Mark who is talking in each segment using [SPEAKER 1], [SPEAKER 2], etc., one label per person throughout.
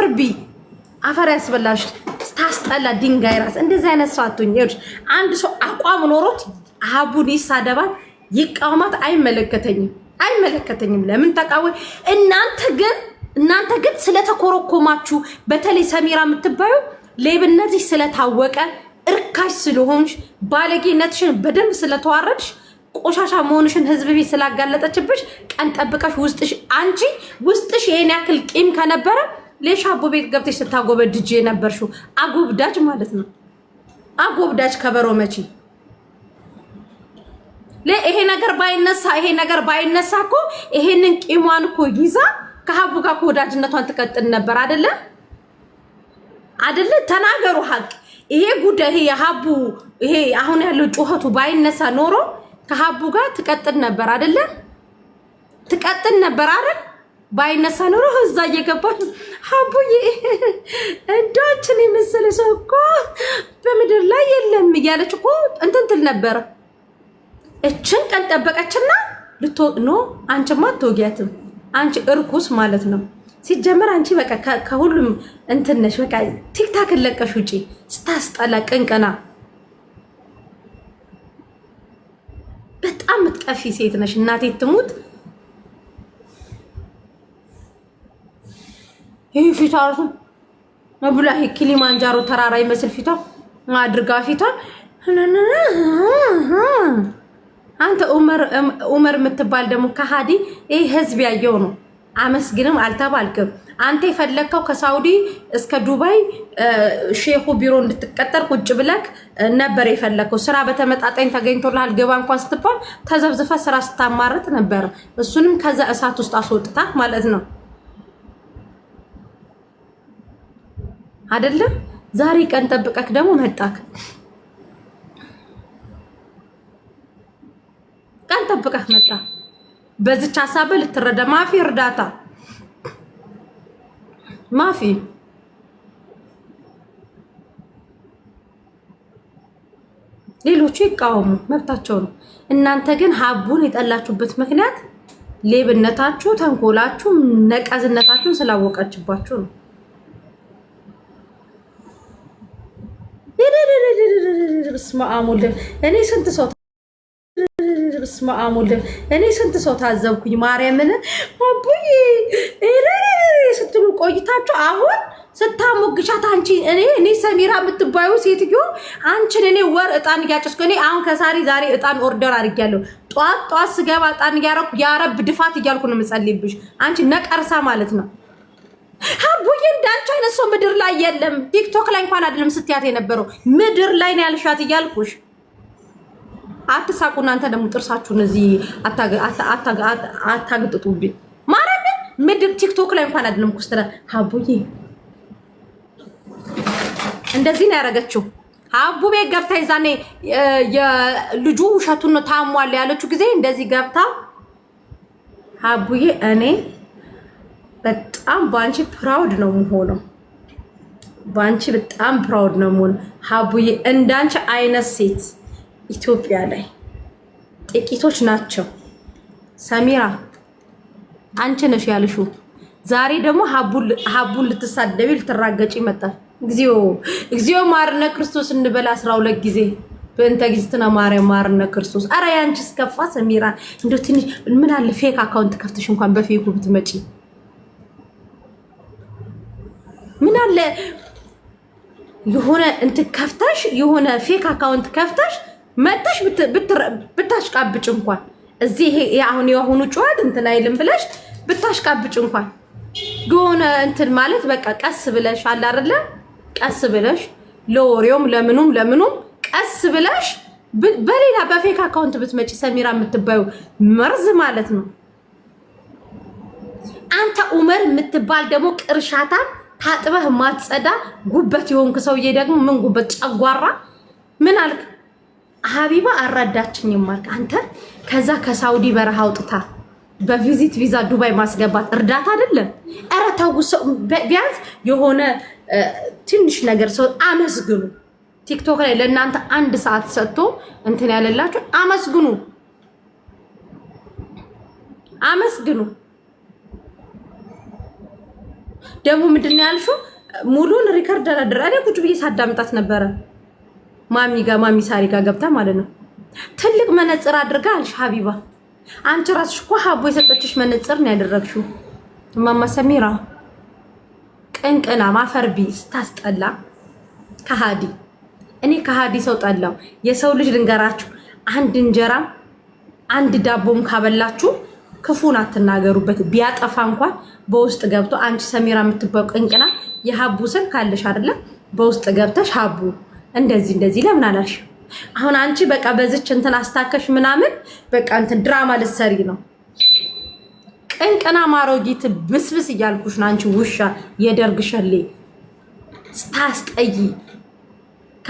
[SPEAKER 1] አፈር አፈር ያስበላሽ ታስጠላ ድንጋይ ራስ። እንደዚህ አይነት ሰው አትሁኝ። ይኸውልሽ አንድ ሰው አቋም ኖሮት አቡን ይሳደባት ይቃውማት፣ አይመለከተኝም አይመለከተኝም። ለምን ተቃወ እናንተ ግን እናንተ ግን ስለተኮረኮማችሁ በተለይ ሰሚራ የምትባዩ ሌብነትሽ ስለታወቀ እርካሽ ስለሆንሽ ባለጌነትሽን በደንብ ስለተዋረድሽ ቆሻሻ መሆንሽን ህዝብ ቤት ስላጋለጠችብሽ ቀን ጠብቀሽ ውስጥሽ አንቺ ውስጥሽ ይሄን ያክል ቂም ከነበረ ሌሻቦ ቤት ገብተሽ ስታጎበድጅ የነበርሽው አጎብዳጅ ማለት ነው። አጎብዳጅ ከበሮ መቺ። ይሄ ነገር ባይነሳ ይሄ ነገር ባይነሳ እኮ ይሄንን ቂሟን እኮ ይዛ ከሀቡ ጋር እኮ ወዳጅነቷን ትቀጥል ነበር። አደለ አደለ? ተናገሩ ሀቅ። ይሄ ጉዳይ ይሄ የሀቡ ይሄ አሁን ያለው ጩኸቱ ባይነሳ ኖሮ ከሀቡ ጋር ትቀጥል ነበር። አደለ? ትቀጥል ነበር አይደል? ባይነሳ ኖሮ እዛ እየገባ ሀቡዬ እንዳችን የመሰለ ሰው እኮ በምድር ላይ የለም እያለች እኮ እንትን ትል ነበረ። እችን ቀን ጠበቀችና ኖ አንቺማ አትወጊያትም፣ አንቺ እርኩስ ማለት ነው። ሲጀመር አንቺ በቃ ከሁሉም እንትን ነሽ። በቃ ቲክታክ ለቀሽ ውጪ፣ ስታስጠላ ቅንቅና፣ በጣም ምትቀፊ ሴት ነሽ። እናቴ ትሙት ይህ ፊቷ ራሱ ብላ ኪሊማንጃሮ ተራራ ይመስል ፊቷ አድርጋ ፊቷ አንተ ኡመር የምትባል ደግሞ ከሃዲ ይህ ህዝብ ያየው ነው። አመስግንም አልተባልክም። አንተ የፈለግከው ከሳውዲ እስከ ዱባይ ሼኹ ቢሮ እንድትቀጠር ቁጭ ብለክ ነበር የፈለግከው። ስራ በተመጣጣኝ ተገኝቶልሃል። ግባ እንኳን ስትባል ተዘብዝፈ ስራ ስታማረት ነበረ። እሱንም ከዛ እሳት ውስጥ አስወጥታ ማለት ነው። አይደለም። ዛሬ ቀን ጠብቀክ ደግሞ መጣክ። ቀን ጠብቀክ መጣ። በዚች ሀሳብ ልትረዳ ማፊ እርዳታ ማፊ ሌሎቹ ይቃወሙ መብታቸው ነው። እናንተ ግን ሀቡን የጠላችሁበት ምክንያት ሌብነታችሁ፣ ተንኮላችሁ፣ ነቀዝነታችሁን ስላወቀችባችሁ ነው። እኔ ስንት ሰው እኔ ስንት ሰው ታዘብኩኝ። ማርያምን አቡዬ ስትሉ ቆይታችሁ አሁን ስታሞግሻት አንቺ እኔ እኔ ሰሚራ የምትባዩ ሴትዮ አንቺን እኔ ወር እጣን እያጨስኩ እኔ አሁን ከሳሪ ዛሬ እጣን ኦርደር ጠዋት ጠዋት ስገባ እጣን እያረኩ ያረብ ድፋት እያልኩ ነው የምጸልይብሽ አንቺ ነቀርሳ ማለት ነው። ሀቡዬ እንዳንቺ አይነት ሰው ምድር ላይ የለም። ቲክቶክ ላይ እንኳን አይደለም ስትያት የነበረው ምድር ላይ ነው ያልሻት እያልኩሽ። አትሳቁ እናንተ ደግሞ ጥርሳችሁን እዚህ አታግጥጡብኝ። ማረምን ምድር ቲክቶክ ላይ እንኳን አይደለም ኩስትላ ሀቡዬ እንደዚህ ነው ያደረገችው። አቡ ቤት ገብታ ይዛኔ የልጁ ውሸቱን ነው ታሟል ያለችው ጊዜ እንደዚህ ገብታ አቡዬ እኔ በጣም በአንቺ ፕራውድ ነው የምሆነው። በአንቺ በጣም ፕራውድ ነው መሆነው። ሀቡዬ እንዳንቺ አይነት ሴት ኢትዮጵያ ላይ ጥቂቶች ናቸው። ሰሚራ አንቺ ነሽ ያልሹ። ዛሬ ደግሞ ሀቡን ልትሳደቢ ልትራገጭ ይመጣል። እግዚኦ እግዚኦ፣ ማርነ ክርስቶስ እንበል አስራ ሁለት ጊዜ በእንተ ጊዜትና ማርያም ማርነ ክርስቶስ። አረ ያንቺ እስከፋ ሰሚራ። እንደው ትንሽ ምን አለ ፌክ አካውንት ከፍተሽ እንኳን በፌኩ ብትመጪ እንዳለ የሆነ እንትን ከፍተሽ የሆነ ፌክ አካውንት ከፍተሽ መጥተሽ ብታሽቃብጭ እንኳን እዚህ አሁን የሆኑ ጨዋት እንትን አይልም ብለሽ ብታሽቃብጭ እንኳን የሆነ እንትን ማለት በቃ ቀስ ብለሽ አላርለ ቀስ ብለሽ ለወሬውም ለምኑም ለምኑም ቀስ ብለሽ በሌላ በፌክ አካውንት ብትመጪ ሰሚራ የምትባዩ መርዝ ማለት ነው። አንተ ኡመር የምትባል ደግሞ ቅርሻታም ታጥበህ ማትጸዳ ጉበት የሆንክ ሰውዬ ደግሞ ምን ጉበት ጨጓራ ምን አልክ? ሀቢባ አራዳችኝም አልክ አንተ። ከዛ ከሳውዲ በረሃ አውጥታ በቪዚት ቪዛ ዱባይ ማስገባት እርዳታ አይደለም። ኧረ ተው ቢያንስ የሆነ ትንሽ ነገር ሰው አመስግኑ። ቲክቶክ ላይ ለእናንተ አንድ ሰዓት ሰጥቶ እንትን ያለላችሁ አመስግኑ፣ አመስግኑ። ደግሞ ምንድን ነው ያልሽው? ሙሉን ሪከርድ አላደረ እኔ ቁጭ ብዬ ሳዳምጣት ነበረ። ማሚ ጋ ማሚ ሳሪ ገብታ ማለት ነው። ትልቅ መነጽር አድርጋ አልሽ ሀቢባ፣ አንቺ ራስሽ እኮ ሀቦ የሰጠችሽ መነጽር ነው ያደረግሽው። እማማ ሰሚራ ቅንቅና ማፈርቢ ስታስጠላ ከሃዲ። እኔ ከሃዲ ሰው ጠላው። የሰው ልጅ ልንገራችሁ፣ አንድ እንጀራም አንድ ዳቦም ካበላችሁ ክፉን አትናገሩበት። ቢያጠፋ እንኳን በውስጥ ገብቶ አንቺ ሰሚራ የምትባው ቅንቅና የሀቡ ስልክ ካለሽ አይደለም? በውስጥ ገብተሽ ሀቡ እንደዚህ እንደዚህ ለምን አላልሽ? አሁን አንቺ በቃ በዚች እንትን አስታከሽ ምናምን በቃ እንትን ድራማ ልትሰሪ ነው። ቅንቅና ማሮጊት ብስብስ እያልኩሽ ነው። አንቺ ውሻ የደርግ ሸሌ ስታስጠይ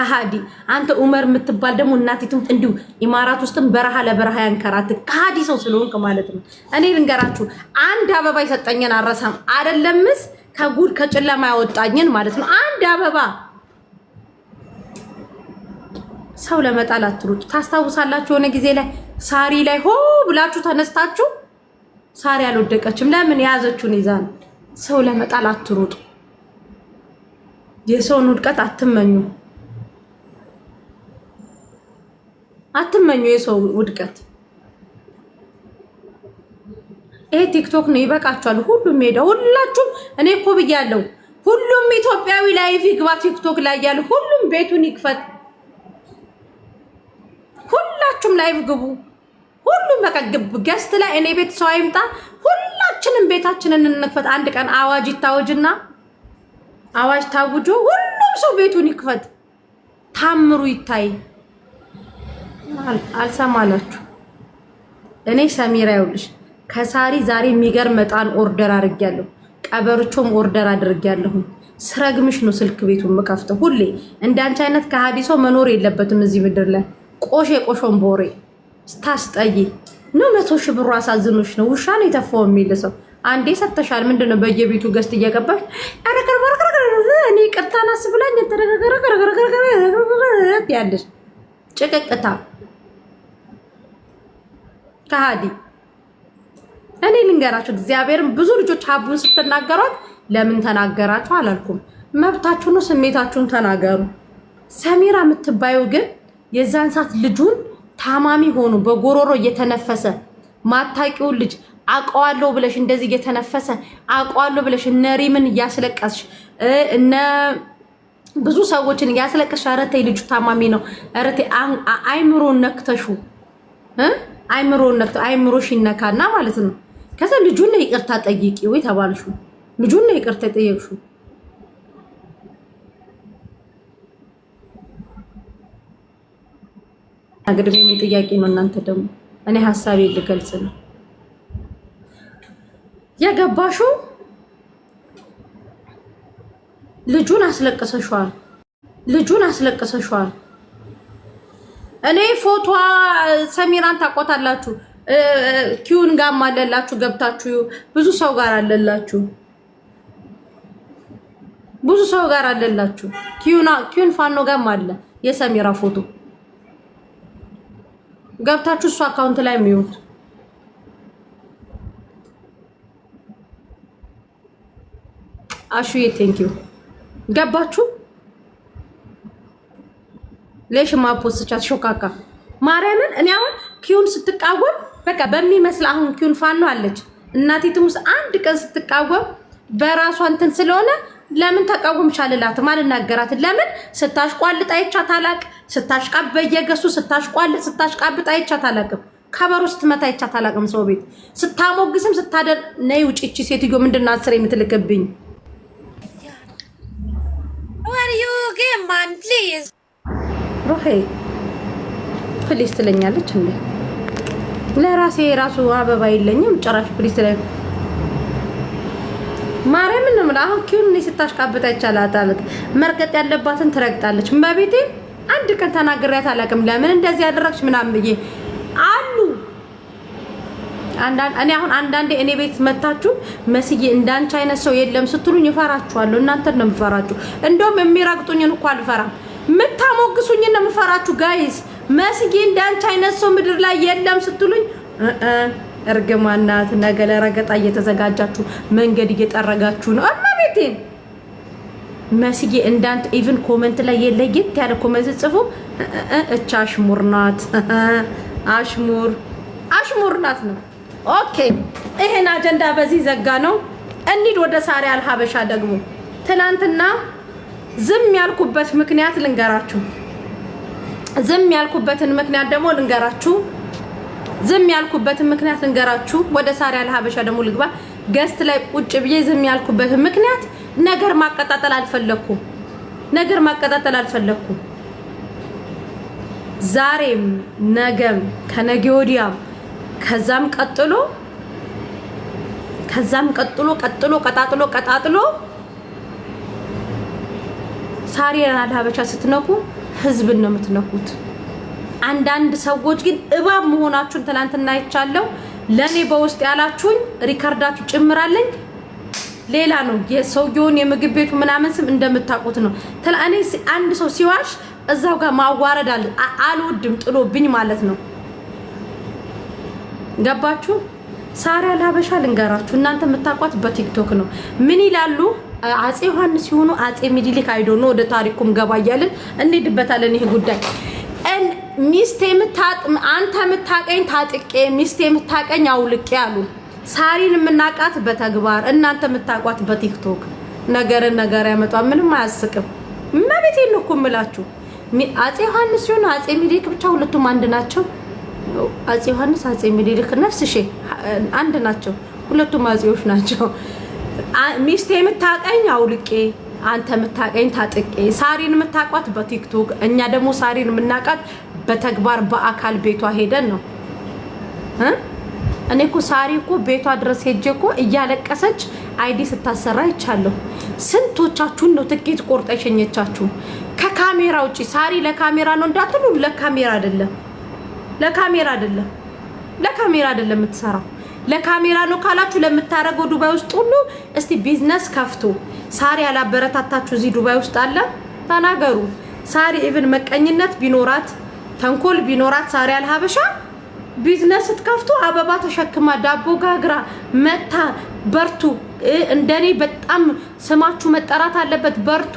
[SPEAKER 1] ከሃዲ አንተ ኡመር የምትባል ደግሞ እናቲቱም እንዲሁ ኢማራት ውስጥም በረሃ ለበረሃ ያንከራት ከሃዲ ሰው ስለሆንክ ማለት ነው። እኔ ልንገራችሁ አንድ አበባ የሰጠኝን አረሳም አደለምስ ከጉድ ከጨለማ ያወጣኝን ማለት ነው። አንድ አበባ ሰው ለመጣል አትሩጭ። ታስታውሳላችሁ? የሆነ ጊዜ ላይ ሳሪ ላይ ሆ ብላችሁ ተነስታችሁ ሳሪ አልወደቀችም። ለምን የያዘችውን ይዛ ነው። ሰው ለመጣል አትሩጡ። የሰውን ውድቀት አትመኙ። አትመኙ የሰው ውድቀት። ይሄ ቲክቶክ ነው፣ ይበቃችኋል። ሁሉም ሄደ፣ ሁላችሁም እኔ እኮ ብያለሁ። ሁሉም ኢትዮጵያዊ ላይቭ ይግባ ቲክቶክ ላይ ያለ ሁሉም ቤቱን ይክፈት። ሁላችሁም ላይቭ ግቡ። ሁሉም በቃ ገስት ላይ እኔ ቤት ሰው አይምጣ። ሁላችንም ቤታችንን እንክፈት። አንድ ቀን አዋጅ ይታወጅና አዋጅ ታውጆ ሁሉም ሰው ቤቱን ይክፈት። ታምሩ ይታይ። አልሰማላችሁ። እኔ ሰሚራ ይኸውልሽ ከሳሪ ዛሬ የሚገርም መጣን ኦርደር አድርጊያለሁ። ቀበርቾም ኦርደር አድርጊያለሁ። ስረግምሽ ነው ስልክ ቤቱን የምከፍተው ሁሌ። እንዳንቺ አይነት ከሃዲ መኖር የለበትም እዚህ ምድር ላይ። ቆሽ የቆሾን ቦሬ ስታስጠይ ነው። መቶ ሺህ ብሩ አሳዝኖች ነው ውሻ ነው የተፋው የሚል ሰው አንዴ ሰተሻል። ምንድነው በየቤቱ ገዝት እየገባሽ እኔ ቅርታናስ ብላኝ ያለሽ ጭቅቅታ ከሃዲ እኔ ልንገራችሁ እግዚአብሔርን ብዙ ልጆች ሀቡን ስትናገሯት ለምን ተናገራችሁ አላልኩም። መብታችሁን ስሜታችሁን ተናገሩ። ሰሚራ የምትባየው ግን የዛን ሰዓት ልጁን ታማሚ ሆኑ በጎሮሮ እየተነፈሰ ማታቂውን ልጅ አውቀዋለሁ ብለሽ እንደዚህ እየተነፈሰ አውቀዋለሁ ብለሽ እነ ሪምን እያስለቀስሽ እነ ብዙ ሰዎችን እያስለቀስሽ፣ ኧረ ተይ ልጁ ታማሚ ነው፣ ኧረ ተይ አይምሮን ነክተሹ አይምሮነት አይምሮሽ ይነካና ማለት ነው። ከዛ ልጁን ነው ይቅርታ ጠይቂ ወይ ተባልሹ። ልጁን ነው ይቅርታ ጠየቅሹ። ግድሜ ምን ጥያቄ ነው? እናንተ ደግሞ እኔ ሀሳቤ ልገልጽ ነው የገባሹ ልጁን አስለቅሰሸዋል። ልጁን አስለቅሰሸዋል። እኔ ፎቷ ሰሚራን ታቆታላችሁ። ኪውን ጋም አለላችሁ፣ ገብታችሁ ብዙ ሰው ጋር አለላችሁ፣ ብዙ ሰው ጋር አለላችሁ። ኪውን ፋኖ ጋም አለ የሰሚራ ፎቶ ገብታችሁ እሱ አካውንት ላይ የሚውት አሹዬ ቴንኪዩ ገባችሁ። ለሽማ ፖስቻት ሾካካ ማርያምን እኔ አሁን ኪዩን ስትቃወም በቃ በሚመስል አሁን ኪዩን ፋኖ አለች እናቴ ትሙስ አንድ ቀን ስትቃወም በራሷ እንትን ስለሆነ ለምን ተቃወምሽ አልላትም፣ አልናገራትም። ለምን ስታሽቋልጥ አይቻት አላቅም። ስታሽቃብ በየገሱ ስታሽቋልጥ ስታሽቃብጥ አይቻት አላቅም። ከበሮ ስትመታ አይቻት አላቅም። ሰው ቤት ስታሞግስም ስታደር ነይ ውጭ። እቺ ሴትዮ ምንድን ነው አስር የምትልክብኝ? ሮሄ ፕሊስ ትለኛለች እንዴ? ለራሴ የራሱ አበባ የለኝም ጭራሽ ፕሊስ ላይ ማርያም ነው ማለት አሁን ኪውን እኔ ስታሽቃብጥ አይቻላታል። መርገጥ ያለባትን ትረግጣለች። መቤቴ አንድ ቀን ተናግሬያት አላውቅም። ለምን እንደዚህ ያደረግሽ ምናምን ብዬ አሉ አንዳንድ እኔ አሁን አንዳንዴ እኔ ቤት መታችሁ መስዬ እንዳንቺ አይነት ሰው የለም ስትሉኝ እፈራችኋለሁ። እናንተን ነው የምፈራችሁ። እንደውም የሚረግጡኝን እኮ አልፈራም። ምታሞግሱኝ ነው የምፈራችሁ ጋይስ። መስጌ እንዳንቺ አይነት ሰው ምድር ላይ የለም ስትሉኝ እርግማናት ነገ ለረገጣ እየተዘጋጃችሁ መንገድ እየጠረጋችሁ ነው። እመቤቴን መስዬ እንዳንተ ኢቭን ኮመንት ላይ የለየት ያለ ኮመንት ጽፉ። እች አሽሙር ናት፣ አሽሙር አሽሙር ናት ነው። ኦኬ ይሄን አጀንዳ በዚህ ዘጋ ነው። እንሂድ ወደ ሳሪያ አልሀበሻ ደግሞ ትናንትና ዝም ያልኩበት ምክንያት ልንገራችሁ። ዝም ያልኩበትን ምክንያት ደግሞ ልንገራችሁ። ዝም ያልኩበትን ምክንያት ልንገራችሁ። ወደ ሳሪያ ለሀበሻ ደግሞ ልግባ። ገስት ላይ ቁጭ ብዬ ዝም ያልኩበትን ምክንያት ነገር ማቀጣጠል አልፈለኩም። ነገር ማቀጣጠል አልፈለኩም። ዛሬም ነገም ከነገ ወዲያም ከዛም ቀጥሎ ከዛም ቀጥሎ ቀጥሎ ቀጣጥሎ ቀጣጥሎ ሳሪያን አድሀበሻ ስትነኩ ህዝብን ነው የምትነኩት። አንዳንድ ሰዎች ግን እባብ መሆናችሁን ትናንትና አይቻለሁ። ለእኔ በውስጥ ያላችሁኝ ሪከርዳችሁ ጭምራለኝ። ሌላ ነው የሰውየውን የምግብ ቤቱ ምናምን ስም እንደምታውቁት ነው። እኔ አንድ ሰው ሲዋሽ እዛው ጋር ማዋረድ አልወድም፣ ጥሎብኝ ማለት ነው። ገባችሁ? ሳሪያ አድሀበሻ ልንገራችሁ፣ እናንተ የምታውቋት በቲክቶክ ነው። ምን ይላሉ? አጼ ዮሐንስ ሲሆኑ አጼ ሚኒሊክ አይዶ ነው። ወደ ታሪኩም ገባ እያልን እንሄድበታለን። ይሄ ጉዳይ ሚስቴ አንተ የምታቀኝ ታጥቄ፣ ሚስቴ የምታቀኝ አውልቄ አሉ። ሳሪን የምናቃት በተግባር እናንተ የምታቋት በቲክቶክ ነገርን ነገር ያመጧ ምንም አያስቅም። መቤቴ ነው እኮ አጼ ዮሐንስ ሲሆኑ አጼ ሚዲሊክ ብቻ ሁለቱም አንድ ናቸው። አጼ ዮሐንስ አጼ ሚዲሊክ ነፍስ አንድ ናቸው። ሁለቱም አጼዎች ናቸው። ሚስቴ የምታቀኝ አውልቄ አንተ የምታቀኝ ታጥቄ፣ ሳሪን የምታቋት በቲክቶክ እኛ ደግሞ ሳሪን የምናቃት በተግባር በአካል ቤቷ ሄደን ነው። እኔ እኮ ሳሪ እኮ ቤቷ ድረስ ሄጄ እኮ እያለቀሰች አይዲ ስታሰራ ይቻለሁ። ስንቶቻችሁን ነው ትኬት ቆርጣ የሸኘቻችሁ? ከካሜራ ውጪ ሳሪ ለካሜራ ነው እንዳትሉ፣ ለካሜራ አይደለም፣ ለካሜራ አይደለም፣ ለካሜራ አይደለም የምትሰራው ለካሜራ ነው ካላችሁ ለምታደርገው ዱባይ ውስጥ ሁሉ እስቲ ቢዝነስ ከፍቶ ሳሪ ያላበረታታችሁ እዚህ ዱባይ ውስጥ አለ ተናገሩ። ሳሪ ኢቭን መቀኝነት ቢኖራት ተንኮል ቢኖራት ሳሪ አልሀበሻ ቢዝነስ ስትከፍቱ አበባ ተሸክማ ዳቦ ጋግራ መታ በርቱ። እንደኔ በጣም ስማችሁ መጠራት አለበት። በርቱ።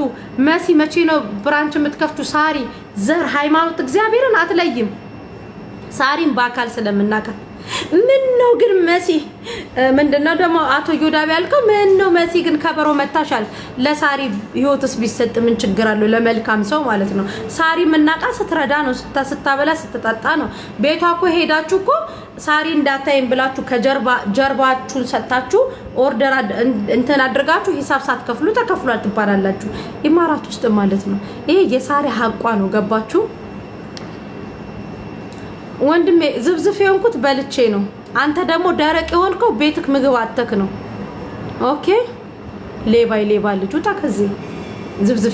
[SPEAKER 1] መሲ መቼ ነው ብራንች የምትከፍቱ? ሳሪ ዘር ሃይማኖት እግዚአብሔርን አትለይም። ሳሪን በአካል ስለምናቀር ምን ነው ግን መሲ ምንድነው ደግሞ አቶ ዮዳብ ያልከው? ምን ነው መሲ ግን ከበሮ መታሻል። ለሳሪ ህይወትስ ቢሰጥ ምን ችግር አለው? ለመልካም ሰው ማለት ነው። ሳሪ ምናቃ ስትረዳ ነው፣ ስታበላ ስትጠጣ ነው። ቤቷ እኮ ሄዳችሁ እኮ ሳሪ እንዳታይም ብላችሁ ከጀርባ ጀርባችሁን ሰጥታችሁ ኦርደር እንትን አድርጋችሁ ሂሳብ ሳትከፍሉ ተከፍሏል ትባላላችሁ። ኢማራት ውስጥ ማለት ነው። ይሄ የሳሪ ሀቋ ነው። ገባችሁ? ወንድሜ ዝብዝፍ የሆንኩት በልቼ ነው። አንተ ደግሞ ደረቅ የሆንከው ቤትክ ምግብ አተክ ነው። ኦኬ ሌባይ ሌባ ልጅ ውጣ ከዚህ ዝብዝፍ